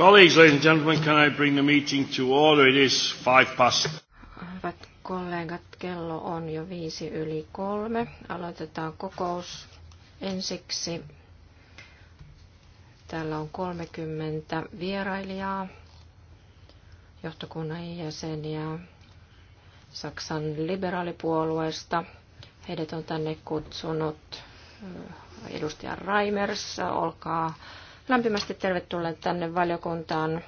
Colleagues, ladies and gentlemen, can I bring the meeting to order? It is five past. Hyvät kollegat, kello on jo viisi yli kolme. Aloitetaan kokous ensiksi. Täällä on 30 vierailijaa, johtokunnan jäseniä Saksan liberaalipuolueesta. Heidät on tänne kutsunut edustaja Raimers, olkaa lämpimästi tervetulleet tänne valiokuntaan.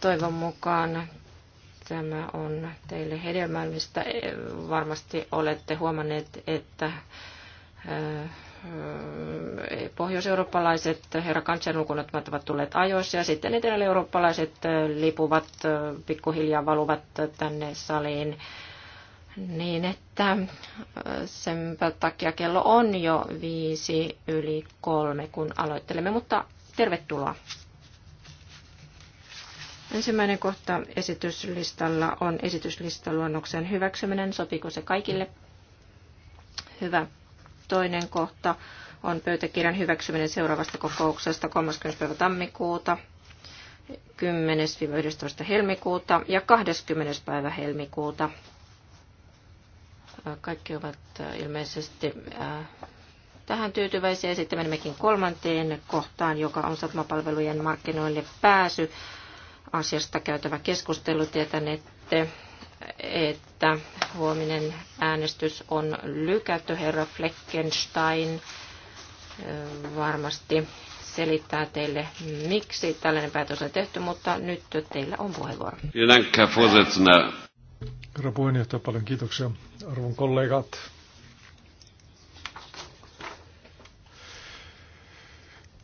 Toivon mukaan tämä on teille hedelmällistä. Varmasti olette huomanneet, että äh, äh, pohjoiseurooppalaiset herra Kantsen lukunottamat ovat tulleet ajoissa ja sitten etelä-eurooppalaiset äh, lipuvat pikkuhiljaa valuvat tänne saliin niin, että sen takia kello on jo viisi yli kolme, kun aloittelemme, mutta tervetuloa. Ensimmäinen kohta esityslistalla on esityslistaluonnoksen hyväksyminen. Sopiiko se kaikille? Hyvä. Toinen kohta on pöytäkirjan hyväksyminen seuraavasta kokouksesta 30. päivä tammikuuta, 10-11. helmikuuta ja 20. päivä helmikuuta kaikki ovat äh, ilmeisesti äh, tähän tyytyväisiä. Sitten menemmekin kolmanteen kohtaan, joka on satmapalvelujen markkinoille pääsy. Asiasta käytävä keskustelu. Tietänette, että huominen äänestys on lykätty. Herra Fleckenstein äh, varmasti selittää teille, miksi tällainen päätös on tehty, mutta nyt teillä on puheenvuoro. Herra puheenjohtaja, paljon kiitoksia. Arvon kollegat.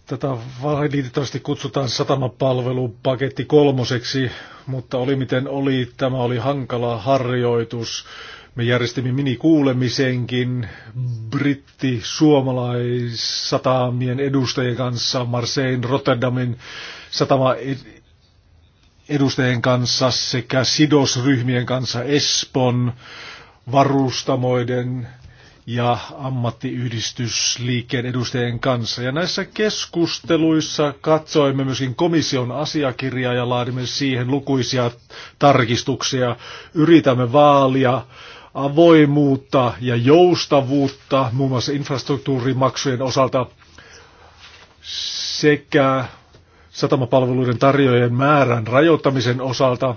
Tätä valitettavasti kutsutaan satamapalvelupaketti kolmoseksi, mutta oli miten oli, tämä oli hankala harjoitus. Me järjestimme minikuulemisenkin britti suomalaissatamien edustajien kanssa Marseille, Rotterdamin satama edustajien kanssa sekä sidosryhmien kanssa Espon, varustamoiden ja ammattiyhdistysliikkeen edustajien kanssa. Ja näissä keskusteluissa katsoimme myöskin komission asiakirjaa ja laadimme siihen lukuisia tarkistuksia. Yritämme vaalia avoimuutta ja joustavuutta muun muassa infrastruktuurimaksujen osalta sekä satamapalveluiden tarjoajien määrän rajoittamisen osalta.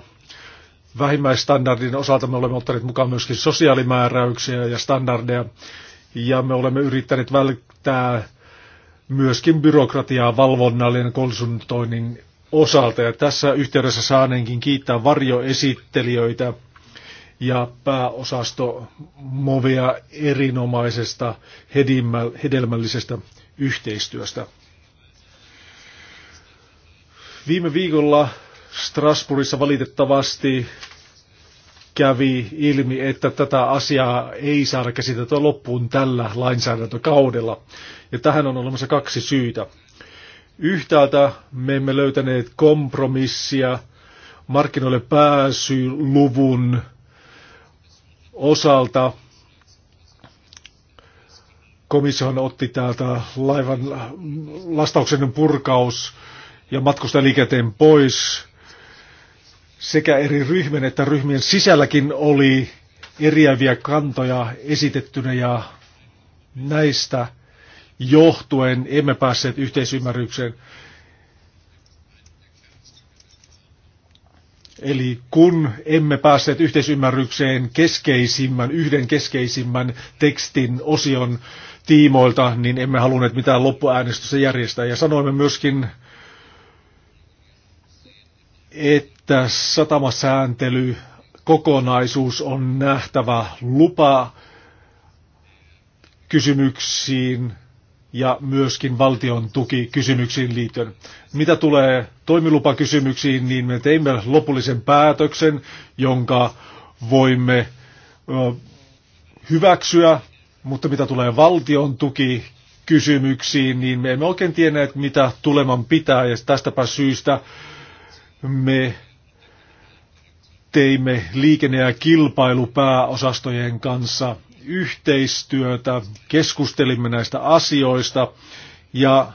Vähimmäistandardin osalta me olemme ottaneet mukaan myöskin sosiaalimääräyksiä ja standardeja, ja me olemme yrittäneet välttää myöskin byrokratiaa valvonnallinen konsultoinnin osalta. Ja tässä yhteydessä saaneenkin kiittää varjoesittelijöitä ja pääosasto Movea erinomaisesta hedelmällisestä yhteistyöstä. Viime viikolla Strasbourgissa valitettavasti kävi ilmi, että tätä asiaa ei saada käsiteltyä loppuun tällä lainsäädäntökaudella. Ja tähän on olemassa kaksi syytä. Yhtäältä me emme löytäneet kompromissia markkinoille pääsyluvun osalta. Komissio otti täältä laivan lastauksen purkaus ja liikenteen pois sekä eri ryhmien että ryhmien sisälläkin oli eriäviä kantoja esitettynä ja näistä johtuen emme päässeet yhteisymmärrykseen. Eli kun emme päässeet yhteisymmärrykseen keskeisimmän, yhden keskeisimmän tekstin osion tiimoilta, niin emme halunneet mitään loppuäänestystä järjestää. Ja sanoimme myöskin että satamasääntely kokonaisuus on nähtävä lupa kysymyksiin ja myöskin valtion tuki kysymyksiin liittyen. Mitä tulee toimilupakysymyksiin, niin me teimme lopullisen päätöksen, jonka voimme hyväksyä, mutta mitä tulee valtion tuki kysymyksiin, niin me emme oikein tienneet, mitä tuleman pitää, ja tästäpä syystä me teimme liikenne- ja kilpailupääosastojen kanssa yhteistyötä, keskustelimme näistä asioista ja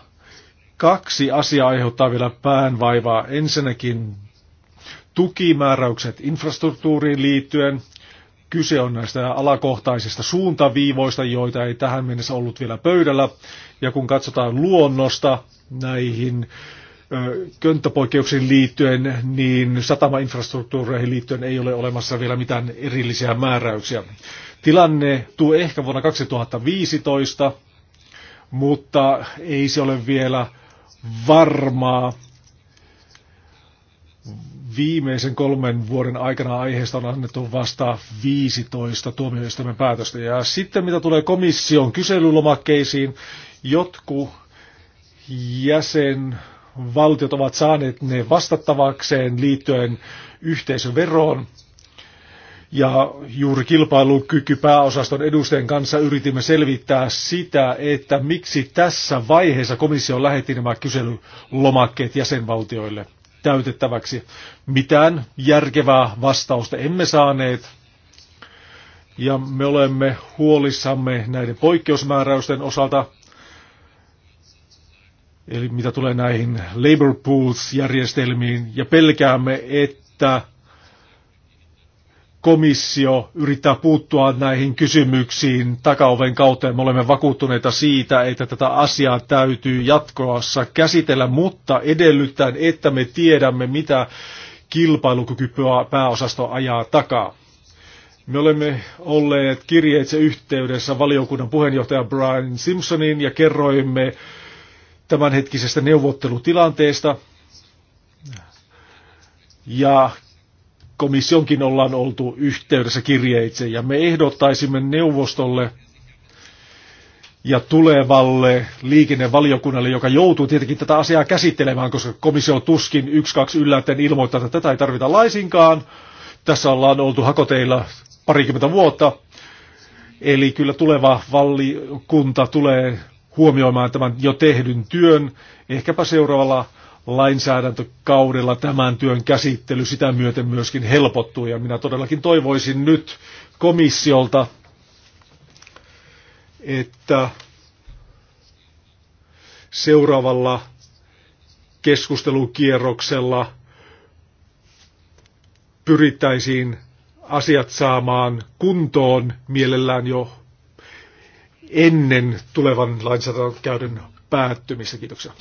kaksi asiaa aiheuttaa vielä päänvaivaa. Ensinnäkin tukimääräykset infrastruktuuriin liittyen. Kyse on näistä alakohtaisista suuntaviivoista, joita ei tähän mennessä ollut vielä pöydällä. Ja kun katsotaan luonnosta näihin könttäpoikeuksiin liittyen, niin satamainfrastruktuureihin liittyen ei ole olemassa vielä mitään erillisiä määräyksiä. Tilanne tuo ehkä vuonna 2015, mutta ei se ole vielä varmaa. Viimeisen kolmen vuoden aikana aiheesta on annettu vasta 15 tuomioistuimen päätöstä. Ja sitten mitä tulee komission kyselylomakkeisiin, jotkut jäsen valtiot ovat saaneet ne vastattavakseen liittyen yhteisöveroon. Ja juuri kilpailukyky pääosaston edustajien kanssa yritimme selvittää sitä, että miksi tässä vaiheessa komissio lähetti nämä kyselylomakkeet jäsenvaltioille täytettäväksi. Mitään järkevää vastausta emme saaneet. Ja me olemme huolissamme näiden poikkeusmääräysten osalta Eli mitä tulee näihin labor pools-järjestelmiin, ja pelkäämme, että komissio yrittää puuttua näihin kysymyksiin takaoven kautta, ja me olemme vakuuttuneita siitä, että tätä asiaa täytyy jatkoassa käsitellä, mutta edellyttäen, että me tiedämme, mitä kilpailukyky pääosasto ajaa takaa. Me olemme olleet kirjeitse yhteydessä valiokunnan puheenjohtaja Brian Simpsonin ja kerroimme tämänhetkisestä neuvottelutilanteesta. Ja komissionkin ollaan oltu yhteydessä kirjeitse ja me ehdottaisimme neuvostolle ja tulevalle liikennevaliokunnalle, joka joutuu tietenkin tätä asiaa käsittelemään, koska komissio tuskin yksi kaksi yllättäen ilmoittaa, että tätä ei tarvita laisinkaan. Tässä ollaan oltu hakoteilla parikymmentä vuotta. Eli kyllä tuleva valiokunta tulee huomioimaan tämän jo tehdyn työn. Ehkäpä seuraavalla lainsäädäntökaudella tämän työn käsittely sitä myöten myöskin helpottuu. Ja minä todellakin toivoisin nyt komissiolta, että seuraavalla keskustelukierroksella pyrittäisiin asiat saamaan kuntoon mielellään jo ennen tulevan lainsäädäntökäyden päättymistä. Kiitoksia.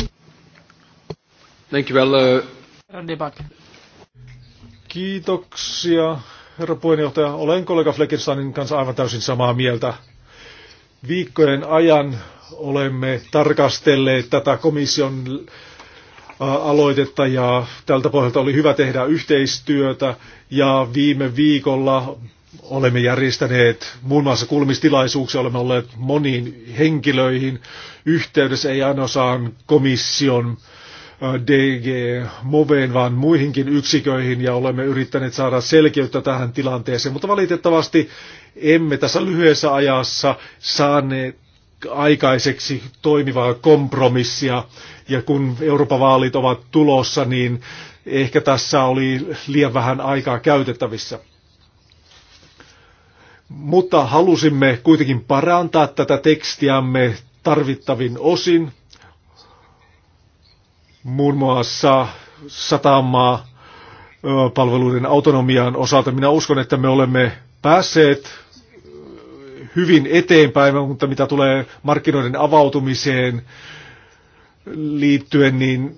Thank you well, uh... Kiitoksia, herra puheenjohtaja. Olen kollega Fleckensteinin kanssa aivan täysin samaa mieltä. Viikkojen ajan olemme tarkastelleet tätä komission aloitetta ja tältä pohjalta oli hyvä tehdä yhteistyötä ja viime viikolla Olemme järjestäneet muun muassa kulmistilaisuuksia, olemme olleet moniin henkilöihin yhteydessä, ei ainoastaan komission DG Moveen, vaan muihinkin yksiköihin ja olemme yrittäneet saada selkeyttä tähän tilanteeseen, mutta valitettavasti emme tässä lyhyessä ajassa saaneet aikaiseksi toimivaa kompromissia ja kun Euroopan vaalit ovat tulossa, niin ehkä tässä oli liian vähän aikaa käytettävissä. Mutta halusimme kuitenkin parantaa tätä tekstiämme tarvittavin osin, muun muassa satamaa palveluiden autonomian osalta. Minä uskon, että me olemme päässeet hyvin eteenpäin, mutta mitä tulee markkinoiden avautumiseen liittyen, niin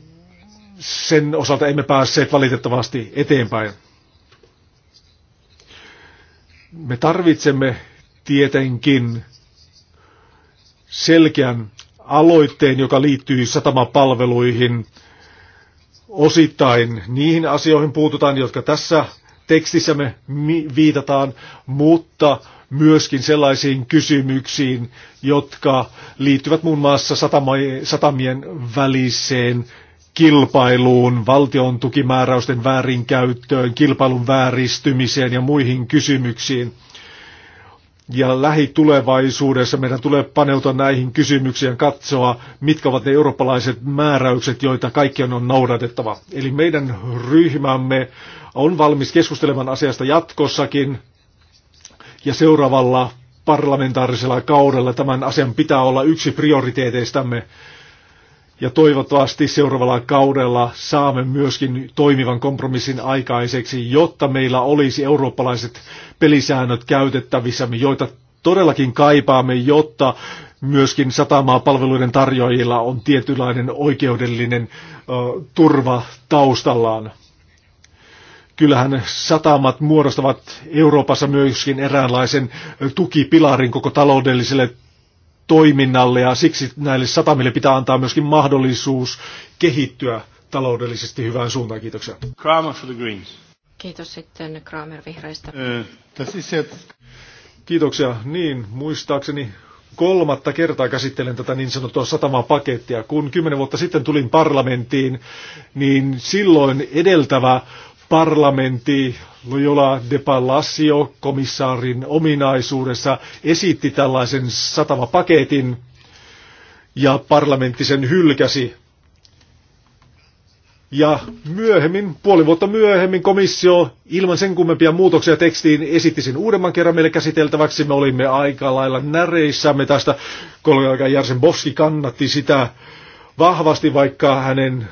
sen osalta emme päässeet valitettavasti eteenpäin. Me tarvitsemme tietenkin selkeän aloitteen, joka liittyy satamapalveluihin. Osittain niihin asioihin puututaan, jotka tässä tekstissä me viitataan, mutta myöskin sellaisiin kysymyksiin, jotka liittyvät muun muassa satamien väliseen kilpailuun, valtion tukimääräysten väärinkäyttöön, kilpailun vääristymiseen ja muihin kysymyksiin. Ja lähitulevaisuudessa meidän tulee paneutua näihin kysymyksiin ja katsoa, mitkä ovat ne eurooppalaiset määräykset, joita kaikkien on noudatettava. Eli meidän ryhmämme on valmis keskustelemaan asiasta jatkossakin ja seuraavalla parlamentaarisella kaudella tämän asian pitää olla yksi prioriteeteistamme ja toivottavasti seuraavalla kaudella saamme myöskin toimivan kompromissin aikaiseksi, jotta meillä olisi eurooppalaiset pelisäännöt käytettävissämme, joita todellakin kaipaamme, jotta myöskin satamaa palveluiden tarjoajilla on tietynlainen oikeudellinen ö, turva taustallaan. Kyllähän satamat muodostavat Euroopassa myöskin eräänlaisen tukipilarin koko taloudelliselle toiminnalle ja siksi näille satamille pitää antaa myöskin mahdollisuus kehittyä taloudellisesti hyvään suuntaan. Kiitoksia. Kramer for the Greens. Kiitos sitten Kramer vihreistä. Kiitoksia. Niin, muistaakseni kolmatta kertaa käsittelen tätä niin sanottua satamapakettia. Kun kymmenen vuotta sitten tulin parlamenttiin, niin silloin edeltävä parlamentti Lojola de Palacio komissaarin ominaisuudessa esitti tällaisen satamapaketin ja parlamentti sen hylkäsi. Ja myöhemmin, puoli vuotta myöhemmin, komissio ilman sen kummempia muutoksia tekstiin esitti sen uudemman kerran meille käsiteltäväksi. Me olimme aika lailla näreissämme tästä. Kollega Jarsen Boski kannatti sitä vahvasti, vaikka hänen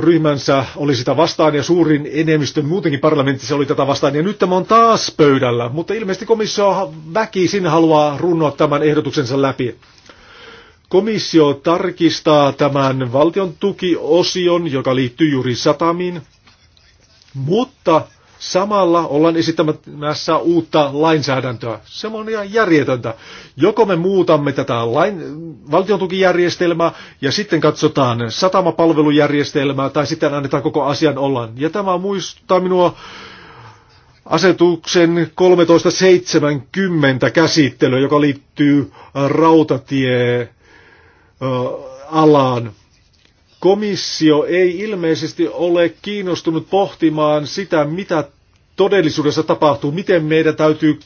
ryhmänsä oli sitä vastaan ja suurin enemmistö muutenkin parlamentissa oli tätä vastaan. Ja nyt tämä on taas pöydällä, mutta ilmeisesti komissio väkisin haluaa runnoa tämän ehdotuksensa läpi. Komissio tarkistaa tämän valtion tukiosion, joka liittyy juuri satamiin, mutta Samalla ollaan esittämässä uutta lainsäädäntöä. Se on ihan järjetöntä. Joko me muutamme tätä lain, valtiontukijärjestelmää ja sitten katsotaan satamapalvelujärjestelmää tai sitten annetaan koko asian olla. Ja tämä muistuttaa minua asetuksen 1370 käsittelyä, joka liittyy äh, rautatie äh, alaan komissio ei ilmeisesti ole kiinnostunut pohtimaan sitä, mitä todellisuudessa tapahtuu, miten meidän täytyy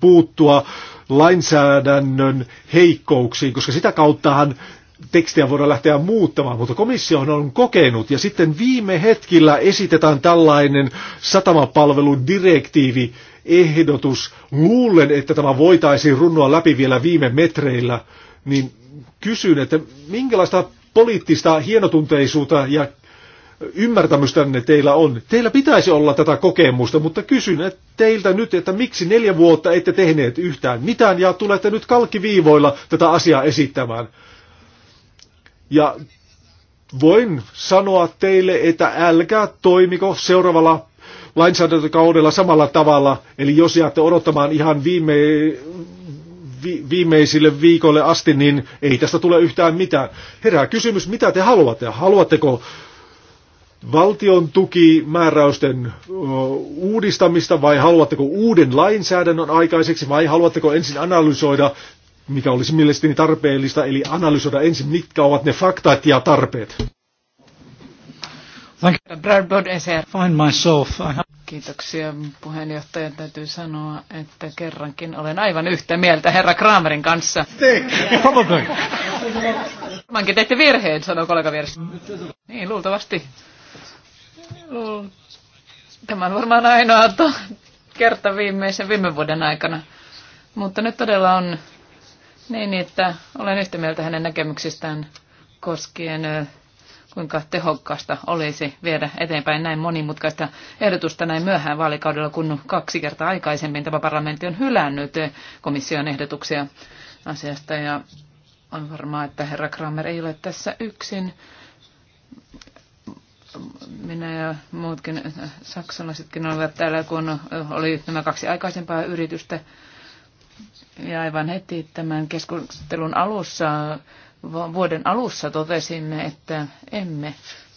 puuttua lainsäädännön heikkouksiin, koska sitä kauttahan tekstiä voidaan lähteä muuttamaan, mutta komissio on kokenut ja sitten viime hetkillä esitetään tällainen satamapalveludirektiivi ehdotus. Luulen, että tämä voitaisiin runnoa läpi vielä viime metreillä, niin kysyn, että minkälaista poliittista hienotunteisuutta ja ymmärtämystänne teillä on. Teillä pitäisi olla tätä kokemusta, mutta kysyn teiltä nyt, että miksi neljä vuotta ette tehneet yhtään mitään ja tulette nyt kalkkiviivoilla tätä asiaa esittämään. Ja voin sanoa teille, että älkää toimiko seuraavalla lainsäädäntökaudella samalla tavalla. Eli jos jäätte odottamaan ihan viime, vi, viimeisille viikoille asti, niin ei tästä tule yhtään mitään. Herää kysymys, mitä te haluatte? Haluatteko valtion tukimääräysten uudistamista vai haluatteko uuden lainsäädännön aikaiseksi vai haluatteko ensin analysoida, mikä olisi mielestäni tarpeellista, eli analysoida ensin, mitkä ovat ne faktat ja tarpeet? Kiitoksia puheenjohtaja. Täytyy sanoa, että kerrankin olen aivan yhtä mieltä herra Kramerin kanssa. Probably. Varmaankin teitte virheen, sanoo kollega vieressä. Niin, luultavasti. Tämä on varmaan ainoa kerta viimeisen viime vuoden aikana. Mutta nyt todella on niin, että olen yhtä mieltä hänen näkemyksistään koskien kuinka tehokkaasta olisi viedä eteenpäin näin monimutkaista ehdotusta näin myöhään vaalikaudella, kun kaksi kertaa aikaisemmin tämä parlamentti on hylännyt komission ehdotuksia asiasta. Ja on varmaa, että herra Kramer ei ole tässä yksin minä ja muutkin saksalaisetkin olivat täällä, kun oli nämä kaksi aikaisempaa yritystä. Ja aivan heti tämän keskustelun alussa, vuoden alussa totesimme, että emme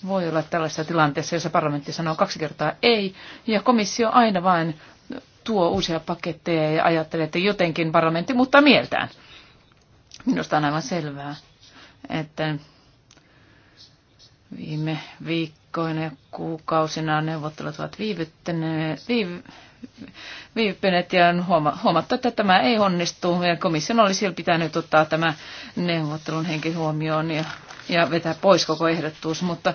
voi olla tällaisessa tilanteessa, jossa parlamentti sanoo kaksi kertaa ei, ja komissio aina vain tuo uusia paketteja ja ajattelee, että jotenkin parlamentti muuttaa mieltään. Minusta on aivan selvää, että viime viik- viikkoina ja kuukausina neuvottelut ovat viivyttäneet, viiv, ja on huomattu, että tämä ei onnistu ja komission olisi pitänyt ottaa tämä neuvottelun henki huomioon ja, ja vetää pois koko ehdotus, mutta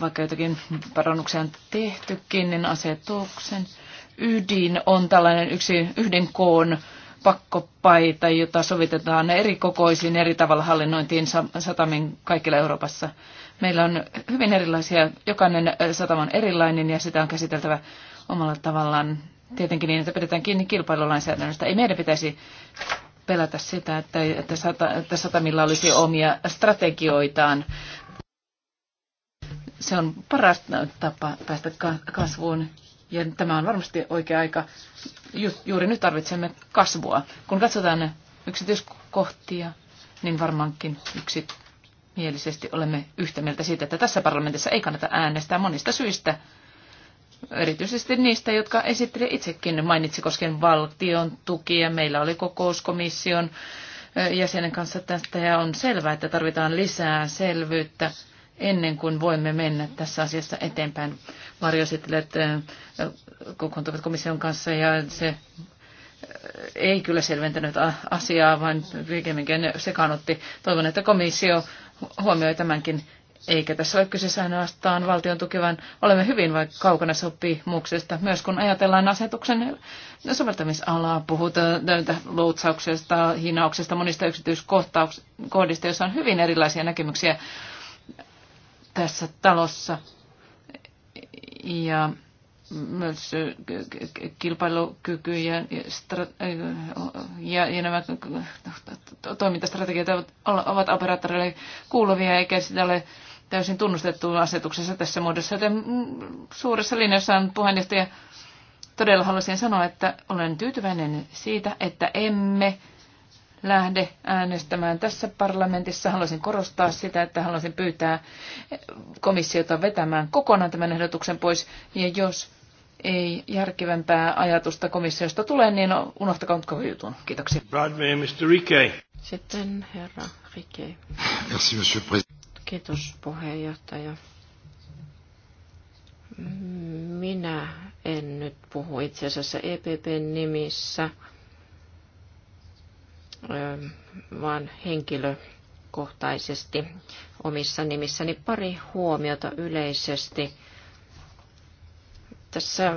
vaikka jotakin parannuksia on tehtykin, niin asetuksen ydin on tällainen yksi, yhden koon pakkopaita, jota sovitetaan eri kokoisiin eri tavalla hallinnointiin satamin kaikilla Euroopassa. Meillä on hyvin erilaisia, jokainen satama on erilainen ja sitä on käsiteltävä omalla tavallaan tietenkin niin, että pidetään kiinni kilpailulainsäädännöstä. Ei meidän pitäisi pelätä sitä, että, että, sata, että satamilla olisi omia strategioitaan. Se on paras tapa päästä kasvuun ja tämä on varmasti oikea aika. Ju, juuri nyt tarvitsemme kasvua. Kun katsotaan yksityiskohtia, niin varmaankin yksi yksimielisesti olemme yhtä mieltä siitä, että tässä parlamentissa ei kannata äänestää monista syistä. Erityisesti niistä, jotka esitteli itsekin mainitsi koskien valtion tukia. Meillä oli kokouskomission jäsenen kanssa tästä ja on selvää, että tarvitaan lisää selvyyttä ennen kuin voimme mennä tässä asiassa eteenpäin. että kokoontuvat komission kanssa ja se ei kyllä selventänyt asiaa, vaan pikemminkin sekaannutti. Toivon, että komissio huomioi tämänkin. Eikä tässä ole kyseessä ainoastaan valtion tuki, vaan olemme hyvin vai kaukana sopimuksesta. Myös kun ajatellaan asetuksen soveltamisalaa, puhutaan loutsauksesta, hinauksesta, monista yksityiskohdista, joissa on hyvin erilaisia näkemyksiä tässä talossa. Ja myös kilpailukyky ja, ja, ja nämä toimintastrategiat ovat operaattoreille kuuluvia, eikä sitä ole täysin tunnustettu asetuksessa tässä muodossa. Joten mm, suuressa on puheenjohtaja todella haluaisin sanoa, että olen tyytyväinen siitä, että emme lähde äänestämään tässä parlamentissa. Haluaisin korostaa sitä, että haluaisin pyytää komissiota vetämään kokonaan tämän ehdotuksen pois. Ja jos ei järkevämpää ajatusta komissiosta tule, niin unohtakaa nyt koko jutun. Kiitoksia. Bradley, Mr. Sitten herra Rike. Kiitos puheenjohtaja. Minä en nyt puhu itse asiassa EPPn nimissä vaan henkilökohtaisesti omissa nimissäni. Pari huomiota yleisesti. Tässä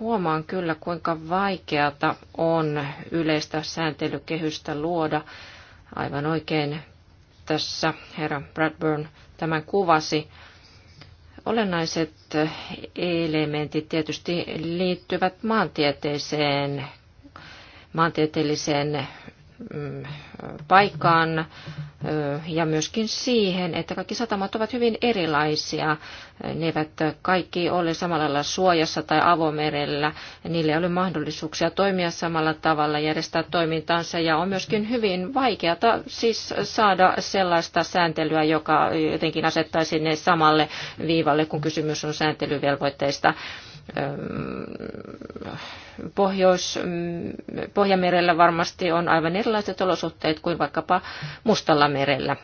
huomaan kyllä, kuinka vaikeata on yleistä sääntelykehystä luoda. Aivan oikein tässä herra Bradburn tämän kuvasi. Olennaiset elementit tietysti liittyvät maantieteeseen, maantieteelliseen Mm, paikkaan ja myöskin siihen, että kaikki satamat ovat hyvin erilaisia. Ne eivät kaikki ole samalla lailla suojassa tai avomerellä. niille ei ole mahdollisuuksia toimia samalla tavalla, järjestää toimintansa ja on myöskin hyvin vaikeata siis saada sellaista sääntelyä, joka jotenkin asettaisi ne samalle viivalle, kun kysymys on sääntelyvelvoitteista. Pohjois, mm, Pohjamerellä varmasti on aivan erilaiset olosuhteet kuin vaikkapa Mustalla merellä.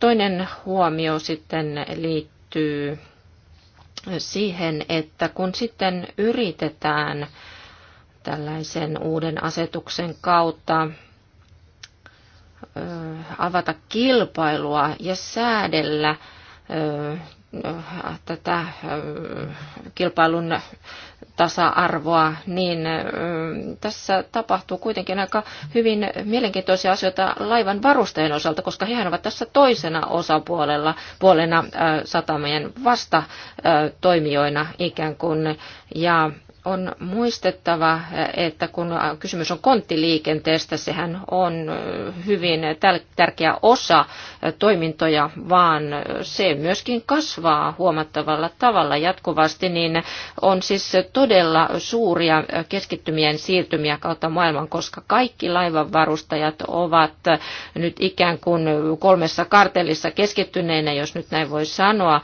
Toinen huomio sitten liittyy siihen, että kun sitten yritetään tällaisen uuden asetuksen kautta avata kilpailua ja säädellä tätä kilpailun tasa-arvoa, niin tässä tapahtuu kuitenkin aika hyvin mielenkiintoisia asioita laivan varusteen osalta, koska hehän ovat tässä toisena osapuolella puolena satamien vasta toimijoina ikään kuin. Ja on muistettava, että kun kysymys on konttiliikenteestä, sehän on hyvin tärkeä osa toimintoja, vaan se myöskin kasvaa huomattavalla tavalla jatkuvasti, niin on siis todella suuria keskittymien siirtymiä kautta maailman, koska kaikki laivanvarustajat ovat nyt ikään kuin kolmessa kartellissa keskittyneinä, jos nyt näin voi sanoa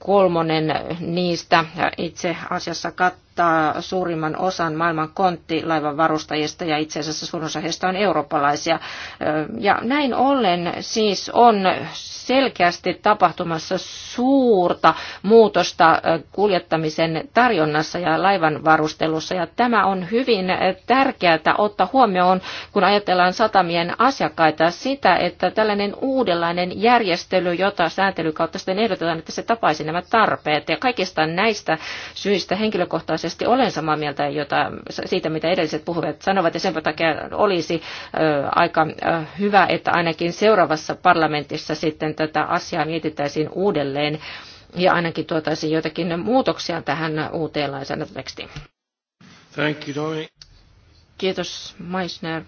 kolmonen niistä itse asiassa kattaa suurimman osan maailman konttilaivan varustajista ja itse asiassa suurin osa heistä on eurooppalaisia. Ja näin ollen siis on selkeästi tapahtumassa suurta muutosta kuljettamisen tarjonnassa ja laivan varustelussa. Ja tämä on hyvin tärkeää ottaa huomioon, kun ajatellaan satamien asiakkaita sitä, että tällainen uudenlainen järjestely, jota kautta sitten ehdotetaan, että se tapaisi nämä tarpeet. Ja kaikista näistä syistä henkilökohtaisesti olen samaa mieltä jota, siitä, mitä edelliset puhuvat sanovat, ja sen takia olisi ö, aika ö, hyvä, että ainakin seuraavassa parlamentissa sitten tätä asiaa mietittäisiin uudelleen ja ainakin tuotaisiin joitakin muutoksia tähän uuteen lainsäädäntötekstiin. Thank you, Kiitos, Meissner.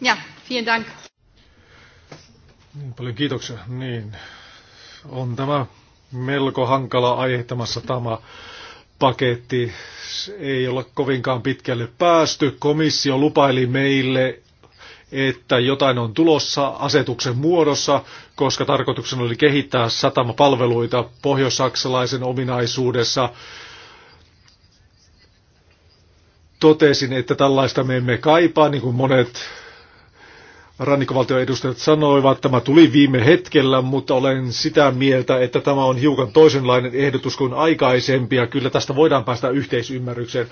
Ja, vielen dank. Niin, paljon kiitoksia. Niin, on tämä melko hankala aiheuttamassa tämä paketti. Ei olla kovinkaan pitkälle päästy. Komissio lupaili meille, että jotain on tulossa asetuksen muodossa, koska tarkoituksena oli kehittää satamapalveluita pohjois-saksalaisen ominaisuudessa. Totesin, että tällaista me emme kaipaa, niin kuin monet rannikkovaltion edustajat sanoivat, tämä tuli viime hetkellä, mutta olen sitä mieltä, että tämä on hiukan toisenlainen ehdotus kuin aikaisempi, ja kyllä tästä voidaan päästä yhteisymmärrykseen.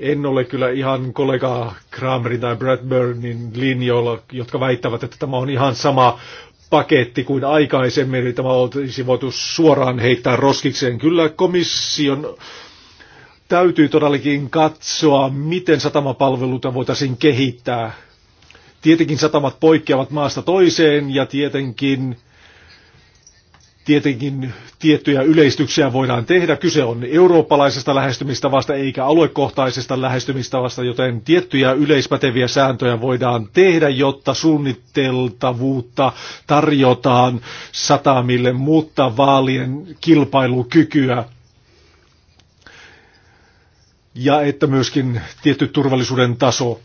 En ole kyllä ihan kollega Kramerin tai Bradburnin linjoilla, jotka väittävät, että tämä on ihan sama paketti kuin aikaisemmin, eli tämä olisi voitu suoraan heittää roskikseen. Kyllä komission täytyy todellakin katsoa, miten satamapalveluita voitaisiin kehittää Tietenkin satamat poikkeavat maasta toiseen ja tietenkin, tietenkin tiettyjä yleistyksiä voidaan tehdä. Kyse on eurooppalaisesta lähestymistavasta eikä aluekohtaisesta lähestymistavasta, joten tiettyjä yleispäteviä sääntöjä voidaan tehdä, jotta suunniteltavuutta tarjotaan satamille, mutta vaalien kilpailukykyä ja että myöskin tietty turvallisuuden taso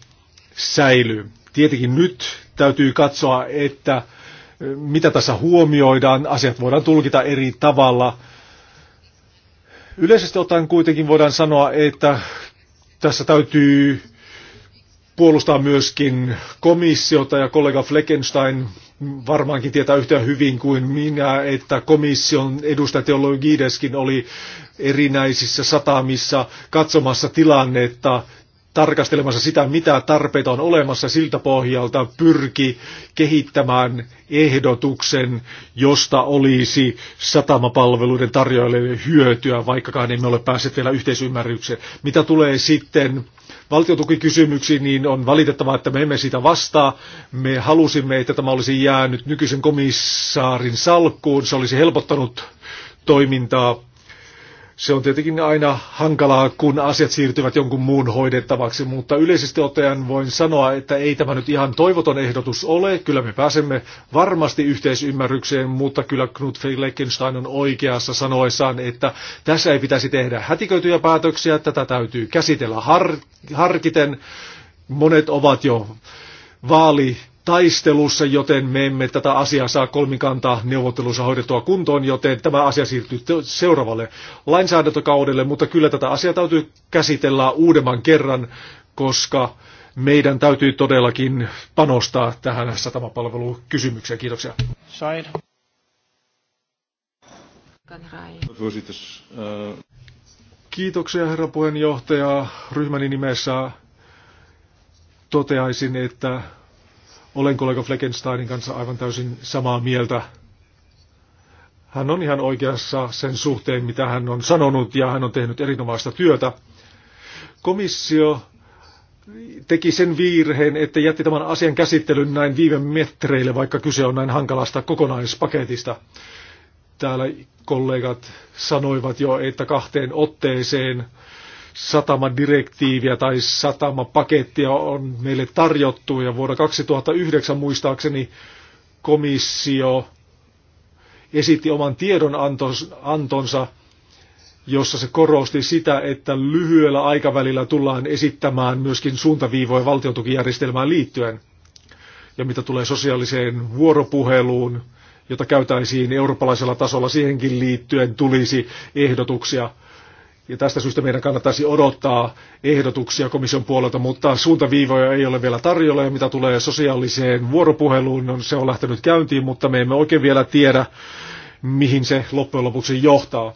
säilyy. Tietenkin nyt täytyy katsoa, että eh, mitä tässä huomioidaan, asiat voidaan tulkita eri tavalla. Yleisesti ottaen kuitenkin voidaan sanoa, että tässä täytyy puolustaa myöskin komissiota ja kollega Fleckenstein varmaankin tietää yhtä hyvin kuin minä, että komission edustaja Teologideskin oli erinäisissä satamissa katsomassa tilannetta tarkastelemassa sitä, mitä tarpeita on olemassa siltä pohjalta, pyrki kehittämään ehdotuksen, josta olisi satamapalveluiden tarjoajille hyötyä, vaikkakaan emme ole päässeet vielä yhteisymmärrykseen. Mitä tulee sitten valtiotukikysymyksiin, niin on valitettavaa, että me emme sitä vastaa. Me halusimme, että tämä olisi jäänyt nykyisen komissaarin salkkuun. Se olisi helpottanut toimintaa se on tietenkin aina hankalaa, kun asiat siirtyvät jonkun muun hoidettavaksi, mutta yleisesti ottaen voin sanoa, että ei tämä nyt ihan toivoton ehdotus ole. Kyllä me pääsemme varmasti yhteisymmärrykseen, mutta kyllä Knut Fleckenstein on oikeassa sanoessaan, että tässä ei pitäisi tehdä hätiköityjä päätöksiä, tätä täytyy käsitellä har- harkiten. Monet ovat jo vaali taistelussa, joten me emme tätä asiaa saa kolmikantaa neuvottelussa hoidettua kuntoon, joten tämä asia siirtyy seuraavalle lainsäädäntökaudelle, mutta kyllä tätä asiaa täytyy käsitellä uudemman kerran, koska meidän täytyy todellakin panostaa tähän satamapalvelukysymykseen. Kiitoksia. Sain. Kiitoksia herra puheenjohtaja. Ryhmäni nimessä toteaisin, että olen kollega Fleckensteinin kanssa aivan täysin samaa mieltä. Hän on ihan oikeassa sen suhteen, mitä hän on sanonut, ja hän on tehnyt erinomaista työtä. Komissio teki sen virheen, että jätti tämän asian käsittelyn näin viime metreille, vaikka kyse on näin hankalasta kokonaispaketista. Täällä kollegat sanoivat jo, että kahteen otteeseen satamadirektiiviä tai satamapakettia on meille tarjottu ja vuonna 2009 muistaakseni komissio esitti oman tiedonantonsa, jossa se korosti sitä, että lyhyellä aikavälillä tullaan esittämään myöskin suuntaviivoja valtiontukijärjestelmään liittyen. Ja mitä tulee sosiaaliseen vuoropuheluun, jota käytäisiin eurooppalaisella tasolla siihenkin liittyen, tulisi ehdotuksia – ja tästä syystä meidän kannattaisi odottaa ehdotuksia komission puolelta, mutta suuntaviivoja ei ole vielä tarjolla ja mitä tulee sosiaaliseen vuoropuheluun, niin se on lähtenyt käyntiin, mutta me emme oikein vielä tiedä, mihin se loppujen lopuksi johtaa.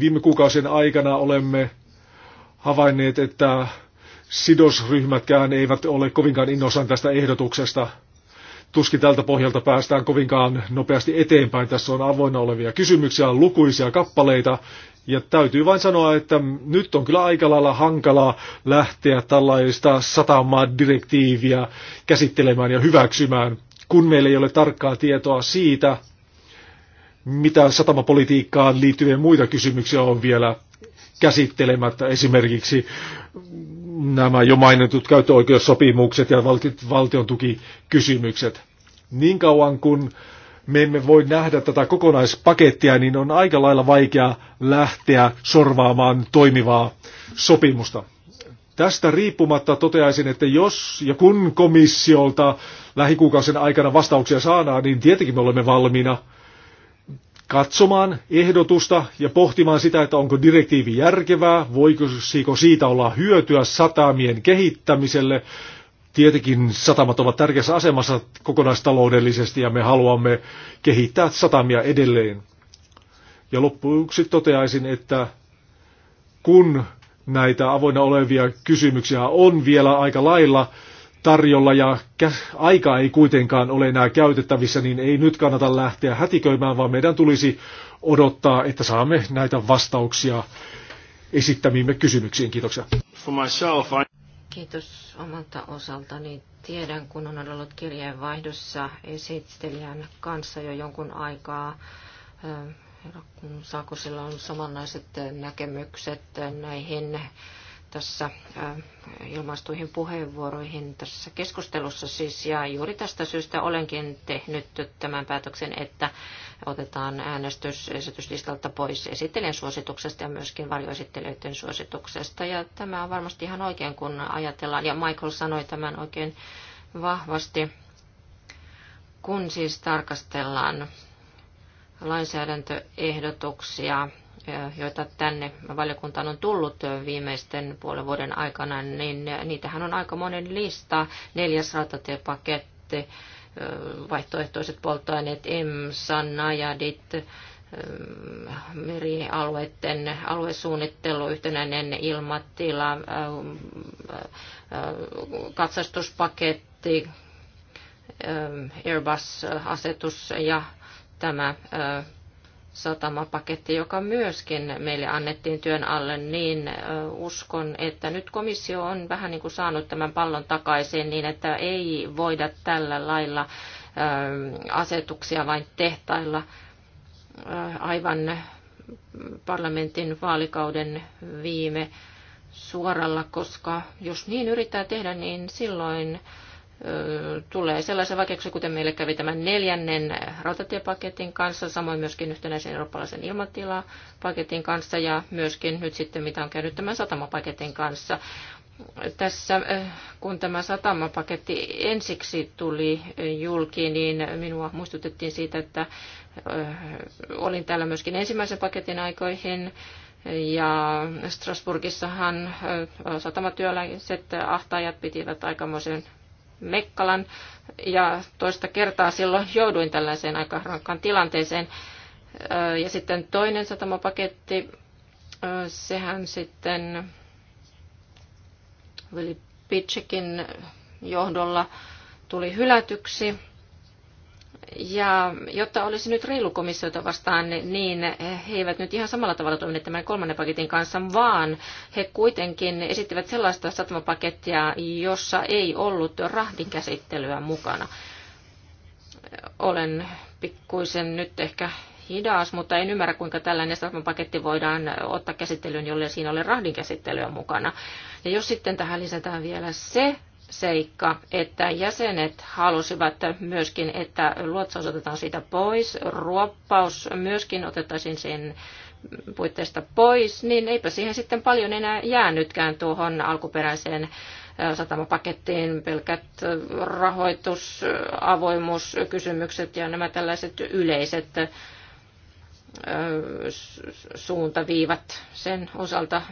Viime kuukausien aikana olemme havainneet, että sidosryhmätkään eivät ole kovinkaan innoissaan tästä ehdotuksesta – tuskin tältä pohjalta päästään kovinkaan nopeasti eteenpäin. Tässä on avoinna olevia kysymyksiä, lukuisia kappaleita, ja täytyy vain sanoa, että nyt on kyllä aika lailla hankalaa lähteä tällaista satamaa direktiiviä käsittelemään ja hyväksymään, kun meillä ei ole tarkkaa tietoa siitä, mitä satamapolitiikkaan liittyviä muita kysymyksiä on vielä käsittelemättä. Esimerkiksi nämä jo mainitut käyttöoikeussopimukset ja valtion tukikysymykset. Niin kauan kun me emme voi nähdä tätä kokonaispakettia, niin on aika lailla vaikea lähteä sorvaamaan toimivaa sopimusta. Tästä riippumatta toteaisin, että jos ja kun komissiolta lähikuukausien aikana vastauksia saadaan, niin tietenkin me olemme valmiina katsomaan ehdotusta ja pohtimaan sitä, että onko direktiivi järkevää, voiko siitä olla hyötyä satamien kehittämiselle. Tietenkin satamat ovat tärkeässä asemassa kokonaistaloudellisesti ja me haluamme kehittää satamia edelleen. Ja loppuksi toteaisin, että kun näitä avoinna olevia kysymyksiä on vielä aika lailla, tarjolla ja aika ei kuitenkaan ole enää käytettävissä, niin ei nyt kannata lähteä hätiköimään, vaan meidän tulisi odottaa, että saamme näitä vastauksia esittämiimme kysymyksiin. Kiitoksia. Kiitos omalta osaltani. Tiedän, kun on ollut kirjeenvaihdossa esittelijän kanssa jo jonkun aikaa, kun sillä on samanlaiset näkemykset näihin tässä äh, ilmaistuihin puheenvuoroihin tässä keskustelussa siis. Ja juuri tästä syystä olenkin tehnyt tämän päätöksen, että otetaan äänestys esityslistalta pois esittelijän suosituksesta ja myöskin varjoesittelijöiden suosituksesta. Ja tämä on varmasti ihan oikein, kun ajatellaan, ja Michael sanoi tämän oikein vahvasti, kun siis tarkastellaan lainsäädäntöehdotuksia joita tänne valiokuntaan on tullut viimeisten puolen vuoden aikana, niin niitähän on aika monen lista. Neljäs rautatiepaketti, vaihtoehtoiset polttoaineet, EMSAN, Najadit, merialueiden aluesuunnittelu, yhtenäinen ilmatila, katsastuspaketti, Airbus-asetus ja tämä satamapaketti, joka myöskin meille annettiin työn alle, niin uskon, että nyt komissio on vähän niin kuin saanut tämän pallon takaisin niin, että ei voida tällä lailla asetuksia vain tehtailla aivan parlamentin vaalikauden viime suoralla, koska jos niin yrittää tehdä, niin silloin tulee sellaisen vaikeuksia, kuten meille kävi tämän neljännen rautatiepaketin kanssa, samoin myöskin yhtenäisen eurooppalaisen ilmatilapaketin kanssa ja myöskin nyt sitten, mitä on käynyt tämän satamapaketin kanssa. Tässä, kun tämä satamapaketti ensiksi tuli julki, niin minua muistutettiin siitä, että olin täällä myöskin ensimmäisen paketin aikoihin. Ja Strasburgissahan satamatyöläiset ahtaajat pitivät aikamoisen Mekkalan ja toista kertaa silloin jouduin tällaiseen aika rankkaan tilanteeseen. Ja sitten toinen satamapaketti, sehän sitten Willy Pitchikin johdolla tuli hylätyksi. Ja jotta olisi nyt reilu komissiota vastaan, niin he eivät nyt ihan samalla tavalla toimineet tämän kolmannen paketin kanssa, vaan he kuitenkin esittivät sellaista satamapakettia, jossa ei ollut rahdin käsittelyä mukana. Olen pikkuisen nyt ehkä hidas, mutta en ymmärrä, kuinka tällainen satamapaketti voidaan ottaa käsittelyyn, jolle siinä ole rahdin käsittelyä mukana. Ja jos sitten tähän lisätään vielä se, seikka, että jäsenet halusivat myöskin, että luotsaus otetaan siitä pois, ruoppaus myöskin otettaisiin sen puitteista pois, niin eipä siihen sitten paljon enää jäänytkään tuohon alkuperäiseen satamapakettiin pelkät rahoitus, avoimuuskysymykset ja nämä tällaiset yleiset suuntaviivat sen osalta,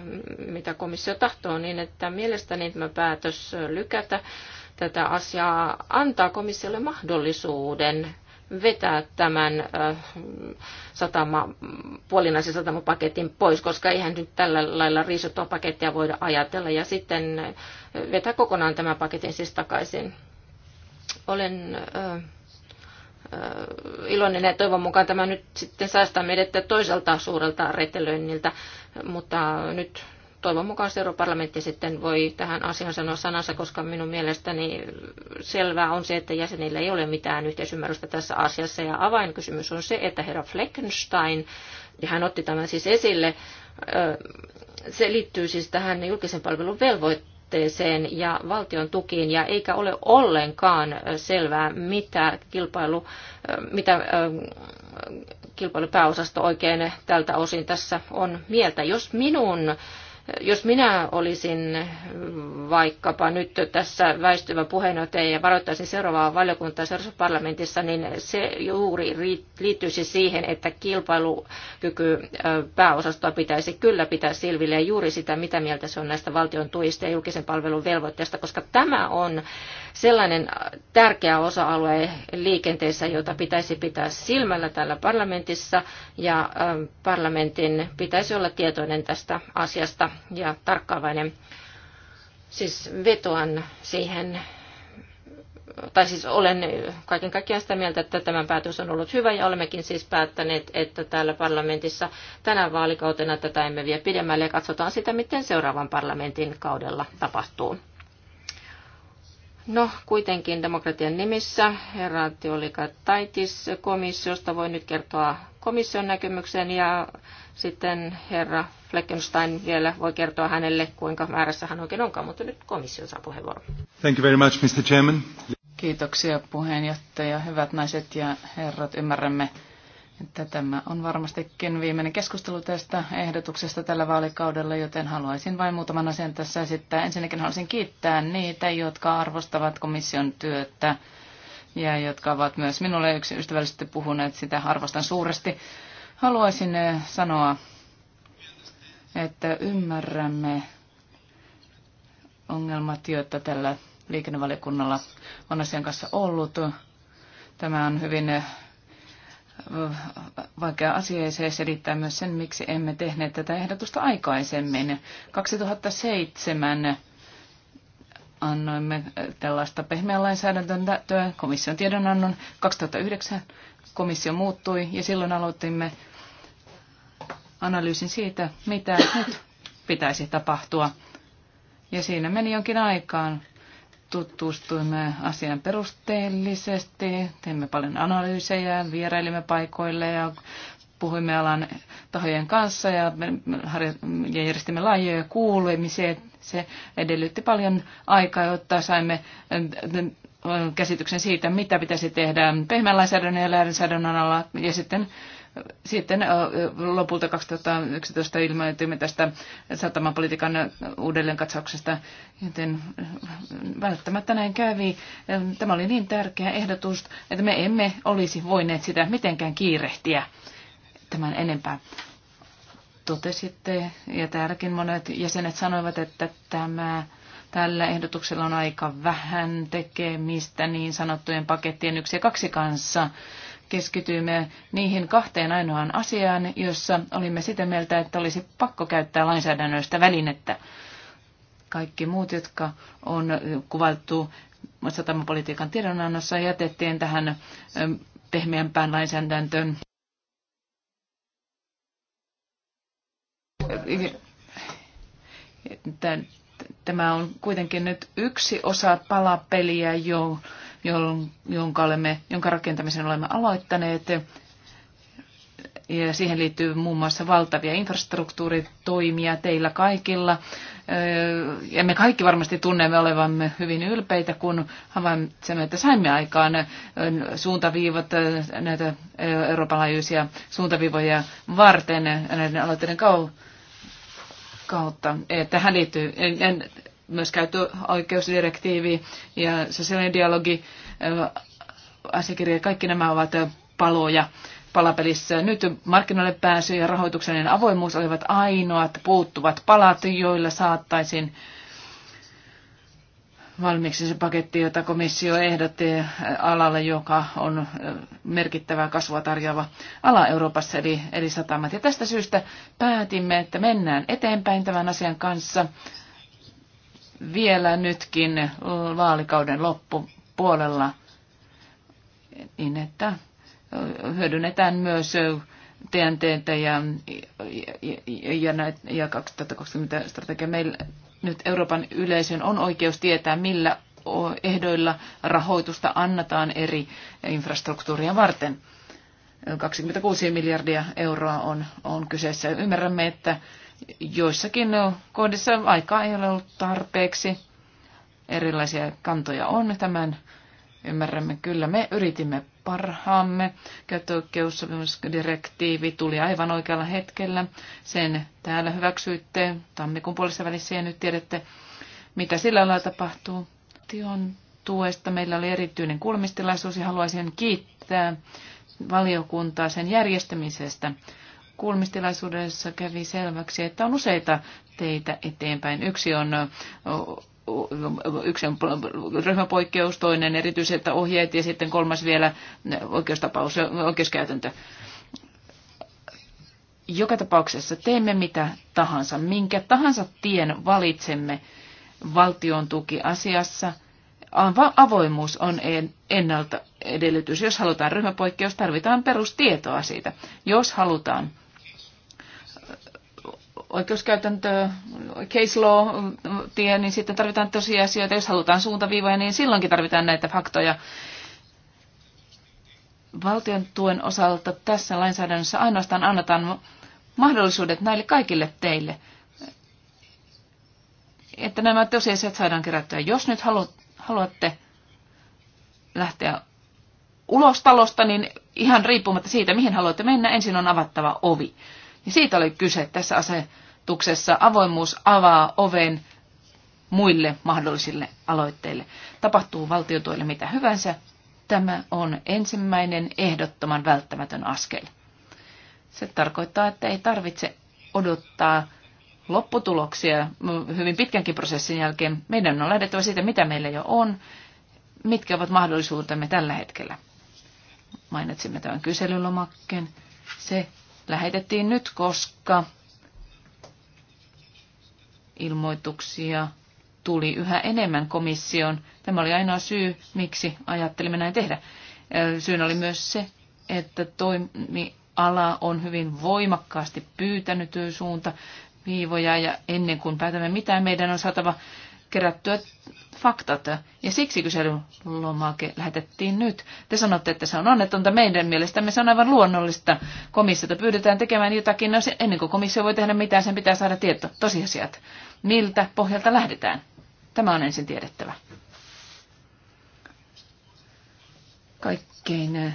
mitä komissio tahtoo, niin että mielestäni tämä päätös lykätä tätä asiaa antaa komissiolle mahdollisuuden vetää tämän satama, puolinaisen satamapaketin pois, koska eihän nyt tällä lailla riisuttua pakettia voida ajatella, ja sitten vetää kokonaan tämän paketin siis takaisin. Olen iloinen ja toivon mukaan tämä nyt sitten säästää meidät toiselta suurelta retelöinniltä, mutta nyt toivon mukaan se europarlamentti sitten voi tähän asiaan sanoa sanansa, koska minun mielestäni selvää on se, että jäsenillä ei ole mitään yhteisymmärrystä tässä asiassa. Ja avainkysymys on se, että herra Fleckenstein, ja hän otti tämän siis esille, se liittyy siis tähän julkisen palvelun velvoitteeseen tuotteeseen ja valtion tukiin, ja eikä ole ollenkaan selvää, mitä kilpailu, mitä kilpailupääosasto oikein tältä osin tässä on mieltä. Jos minun jos minä olisin vaikkapa nyt tässä väistyvä puheenjohtaja ja varoittaisin seuraavaa valiokuntaa seuraavassa parlamentissa, niin se juuri liittyisi siihen, että kilpailukyky pääosastoa pitäisi kyllä pitää silville ja juuri sitä, mitä mieltä se on näistä valtion tuista ja julkisen palvelun velvoitteesta, koska tämä on sellainen tärkeä osa-alue liikenteessä, jota pitäisi pitää silmällä täällä parlamentissa ja parlamentin pitäisi olla tietoinen tästä asiasta ja tarkkaavainen. Siis vetoan siihen, tai siis olen kaiken kaikkiaan sitä mieltä, että tämä päätös on ollut hyvä ja olemmekin siis päättäneet, että täällä parlamentissa tänä vaalikautena tätä emme vie pidemmälle ja katsotaan sitä, miten seuraavan parlamentin kaudella tapahtuu. No, kuitenkin demokratian nimissä herra Tiolika Taitis komissiosta voi nyt kertoa komission näkemyksen ja sitten herra Fleckenstein vielä voi kertoa hänelle, kuinka määrässä hän oikein onkaan, mutta nyt komissio saa puheenvuoron. Thank you very much, Mr. Chairman. Kiitoksia puheenjohtaja. Hyvät naiset ja herrat, ymmärrämme että tämä on varmastikin viimeinen keskustelu tästä ehdotuksesta tällä vaalikaudella, joten haluaisin vain muutaman asian tässä esittää. Ensinnäkin haluaisin kiittää niitä, jotka arvostavat komission työtä ja jotka ovat myös minulle yksi ystävällisesti puhuneet. Sitä arvostan suuresti. Haluaisin eh, sanoa, että ymmärrämme ongelmat, joita tällä liikennevaliokunnalla on asian kanssa ollut. Tämä on hyvin eh, vaikea asia ja se selittää myös sen, miksi emme tehneet tätä ehdotusta aikaisemmin. 2007 annoimme tällaista pehmeän lainsäädäntöä komission tiedonannon. 2009 komissio muuttui ja silloin aloitimme analyysin siitä, mitä nyt pitäisi tapahtua. Ja siinä meni jonkin aikaan tutustuimme asian perusteellisesti, teimme paljon analyysejä, vierailimme paikoille ja puhuimme alan tahojen kanssa ja, ja järjestimme laajoja kuulemisia. Se edellytti paljon aikaa, jotta saimme äh, käsityksen siitä, mitä pitäisi tehdä pehmeän lainsäädännön ja lainsäädännön alalla ja sitten sitten lopulta 2011 ilmoitimme tästä satamapolitiikan uudelleenkatsauksesta, joten välttämättä näin kävi. Tämä oli niin tärkeä ehdotus, että me emme olisi voineet sitä mitenkään kiirehtiä tämän enempää totesitte, ja täälläkin monet jäsenet sanoivat, että tämä, tällä ehdotuksella on aika vähän tekemistä niin sanottujen pakettien yksi ja kaksi kanssa keskityimme niihin kahteen ainoaan asiaan, jossa olimme sitä mieltä, että olisi pakko käyttää lainsäädännöistä välinettä. Kaikki muut, jotka on kuvattu satamapolitiikan tiedonannossa, jätettiin tähän pehmeämpään lainsäädäntöön. Tämä on kuitenkin nyt yksi osa palapeliä, jo, jonka, olemme, jonka rakentamisen olemme aloittaneet. Ja siihen liittyy muun muassa valtavia infrastruktuuritoimia teillä kaikilla. Ja me kaikki varmasti tunnemme olevamme hyvin ylpeitä, kun havaitsemme, että saimme aikaan suuntaviivat, näitä Euroopan laajuisia suuntaviivoja varten näiden aloitteiden kautta. Tähän liittyy, myös käyttöoikeusdirektiivi ja sosiaalinen dialogi, äh, asiakirja, kaikki nämä ovat äh, paloja palapelissä. Nyt markkinoille pääsy ja rahoituksellinen avoimuus olivat ainoat puuttuvat palat, joilla saattaisiin valmiiksi se paketti, jota komissio ehdotti äh, alalle, joka on merkittävää kasvua tarjoava ala Euroopassa, eli, eli satamat. Ja tästä syystä päätimme, että mennään eteenpäin tämän asian kanssa vielä nytkin vaalikauden loppupuolella niin, että hyödynnetään myös TNT ja, ja, ja, ja 2020 strategia. Meillä nyt Euroopan yleisön on oikeus tietää, millä ehdoilla rahoitusta annetaan eri infrastruktuuria varten. 26 miljardia euroa on, on kyseessä. Ymmärrämme, että joissakin kohdissa aikaa ei ole ollut tarpeeksi. Erilaisia kantoja on tämän Ymmärrämme kyllä, me yritimme parhaamme. Käyttöoikeussopimusdirektiivi tuli aivan oikealla hetkellä. Sen täällä hyväksyitte tammikuun puolessa välissä ja nyt tiedätte, mitä sillä lailla tapahtuu. Tion tuesta meillä oli erityinen kuulemistilaisuus ja haluaisin kiittää valiokuntaa sen järjestämisestä kuulmistilaisuudessa kävi selväksi, että on useita teitä eteenpäin. Yksi on yksi on ryhmäpoikkeus, toinen erityiset ohjeet ja sitten kolmas vielä oikeustapaus, oikeuskäytäntö. Joka tapauksessa teemme mitä tahansa, minkä tahansa tien valitsemme valtion tukiasiassa. Avoimuus on ennalta edellytys. Jos halutaan ryhmäpoikkeus, tarvitaan perustietoa siitä. Jos halutaan oikeuskäytäntö, case law tie, niin sitten tarvitaan tosiasioita. Jos halutaan suuntaviivoja, niin silloinkin tarvitaan näitä faktoja. Valtion tuen osalta tässä lainsäädännössä ainoastaan annetaan mahdollisuudet näille kaikille teille, että nämä tosiasiat saadaan kerättyä. Jos nyt haluatte lähteä ulos talosta, niin ihan riippumatta siitä, mihin haluatte mennä, ensin on avattava ovi. Niin siitä oli kyse tässä asetuksessa. Avoimuus avaa oven muille mahdollisille aloitteille. Tapahtuu valtiotuille mitä hyvänsä. Tämä on ensimmäinen ehdottoman välttämätön askel. Se tarkoittaa, että ei tarvitse odottaa lopputuloksia hyvin pitkänkin prosessin jälkeen. Meidän on lähdettävä siitä, mitä meillä jo on, mitkä ovat mahdollisuutemme tällä hetkellä. Mainitsimme tämän kyselylomakkeen. Se lähetettiin nyt, koska ilmoituksia tuli yhä enemmän komission, Tämä oli ainoa syy, miksi ajattelimme näin tehdä. Syyn oli myös se, että toimiala on hyvin voimakkaasti pyytänyt suunta viivoja ja ennen kuin päätämme mitään, meidän on saatava kerättyä faktat. Ja siksi kyselylomake lähetettiin nyt. Te sanotte, että se on onnetonta meidän mielestämme. Se on aivan luonnollista. Komissiota pyydetään tekemään jotakin. No se, ennen kuin komissio voi tehdä mitään, sen pitää saada tieto. Tosiasiat. Miltä pohjalta lähdetään? Tämä on ensin tiedettävä. Kaikkein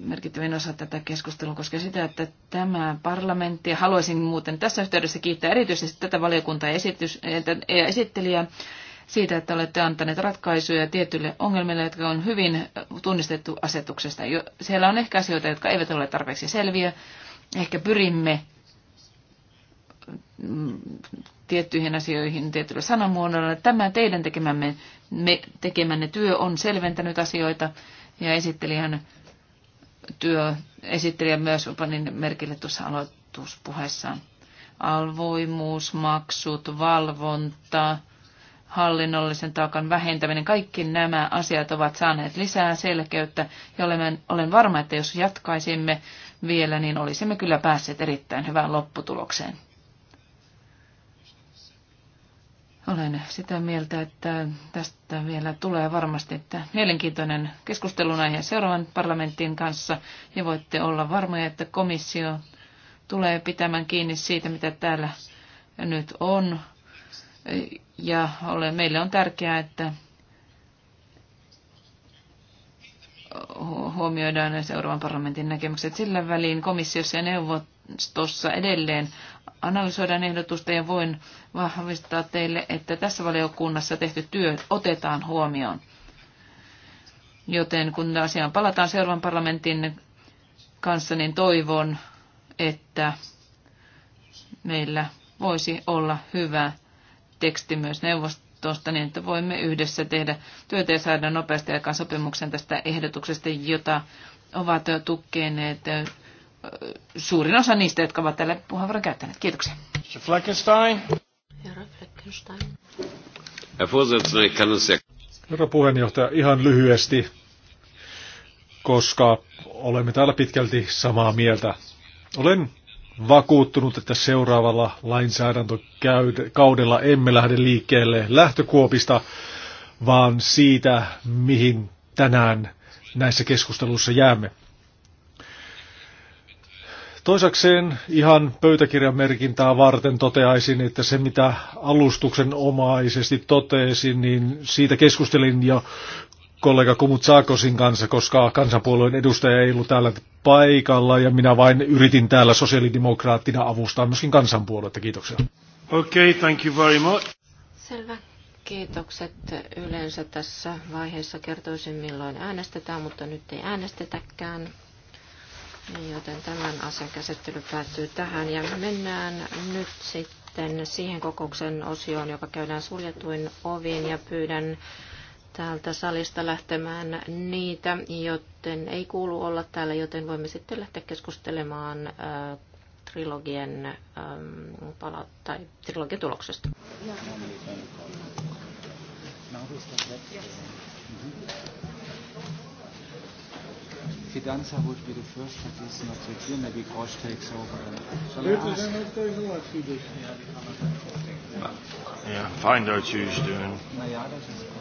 merkittävin osa tätä keskustelua koskee sitä, että tämä parlamentti, ja haluaisin muuten tässä yhteydessä kiittää erityisesti tätä valiokuntaa ja, esittelijää siitä, että olette antaneet ratkaisuja tietyille ongelmille, jotka on hyvin tunnistettu asetuksesta. Siellä on ehkä asioita, jotka eivät ole tarpeeksi selviä. Ehkä pyrimme mm, tiettyihin asioihin tietyllä sanamuodolla. Tämä teidän tekemämme, me tekemänne työ on selventänyt asioita ja esittelijän työ esittelijä myös panin merkille tuossa aloituspuheessaan. maksut, valvonta, hallinnollisen taakan vähentäminen, kaikki nämä asiat ovat saaneet lisää selkeyttä ja olen, olen varma, että jos jatkaisimme vielä, niin olisimme kyllä päässeet erittäin hyvään lopputulokseen. Olen sitä mieltä, että tästä vielä tulee varmasti että mielenkiintoinen keskustelun aihe seuraavan parlamentin kanssa. Ja voitte olla varmoja, että komissio tulee pitämään kiinni siitä, mitä täällä nyt on. Ja ole, meille on tärkeää, että huomioidaan seuraavan parlamentin näkemykset sillä väliin komissiossa ja neuvostossa edelleen analysoidaan ehdotusta ja voin vahvistaa teille, että tässä valiokunnassa tehty työ otetaan huomioon. Joten kun asiaan palataan seuraavan parlamentin kanssa, niin toivon, että meillä voisi olla hyvä teksti myös neuvostosta, niin että voimme yhdessä tehdä työtä ja saada nopeasti aikaan sopimuksen tästä ehdotuksesta, jota ovat tukkeneet suurin osa niistä, jotka ovat tälle puheenvuoron käyttäneet. Kiitoksia. Herra Fleckenstein. Herra puheenjohtaja, ihan lyhyesti, koska olemme täällä pitkälti samaa mieltä. Olen vakuuttunut, että seuraavalla lainsäädäntökaudella emme lähde liikkeelle lähtökuopista, vaan siitä, mihin tänään näissä keskusteluissa jäämme. Toisakseen ihan pöytäkirjan merkintää varten toteaisin, että se mitä alustuksen omaisesti totesin, niin siitä keskustelin jo kollega Kumut Saakosin kanssa, koska kansanpuolueen edustaja ei ollut täällä paikalla ja minä vain yritin täällä sosiaalidemokraattina avustaa myöskin kansanpuoluetta. Kiitoksia. Okay, thank you very much. Selvä. Kiitokset. Yleensä tässä vaiheessa kertoisin milloin äänestetään, mutta nyt ei äänestetäkään. Niin, joten tämän asian käsittely päättyy tähän ja mennään nyt sitten siihen kokouksen osioon, joka käydään suljetuin oviin ja pyydän täältä salista lähtemään niitä, joten ei kuulu olla täällä, joten voimme sitten lähteä keskustelemaan äh, trilogien, ähm, pala- tai trilogien tuloksesta. Ja. Mm-hmm. Fidanza would be the first to this not to clear. Maybe Grosch takes over. Shall I ask? Ja, find out who's doing. ja,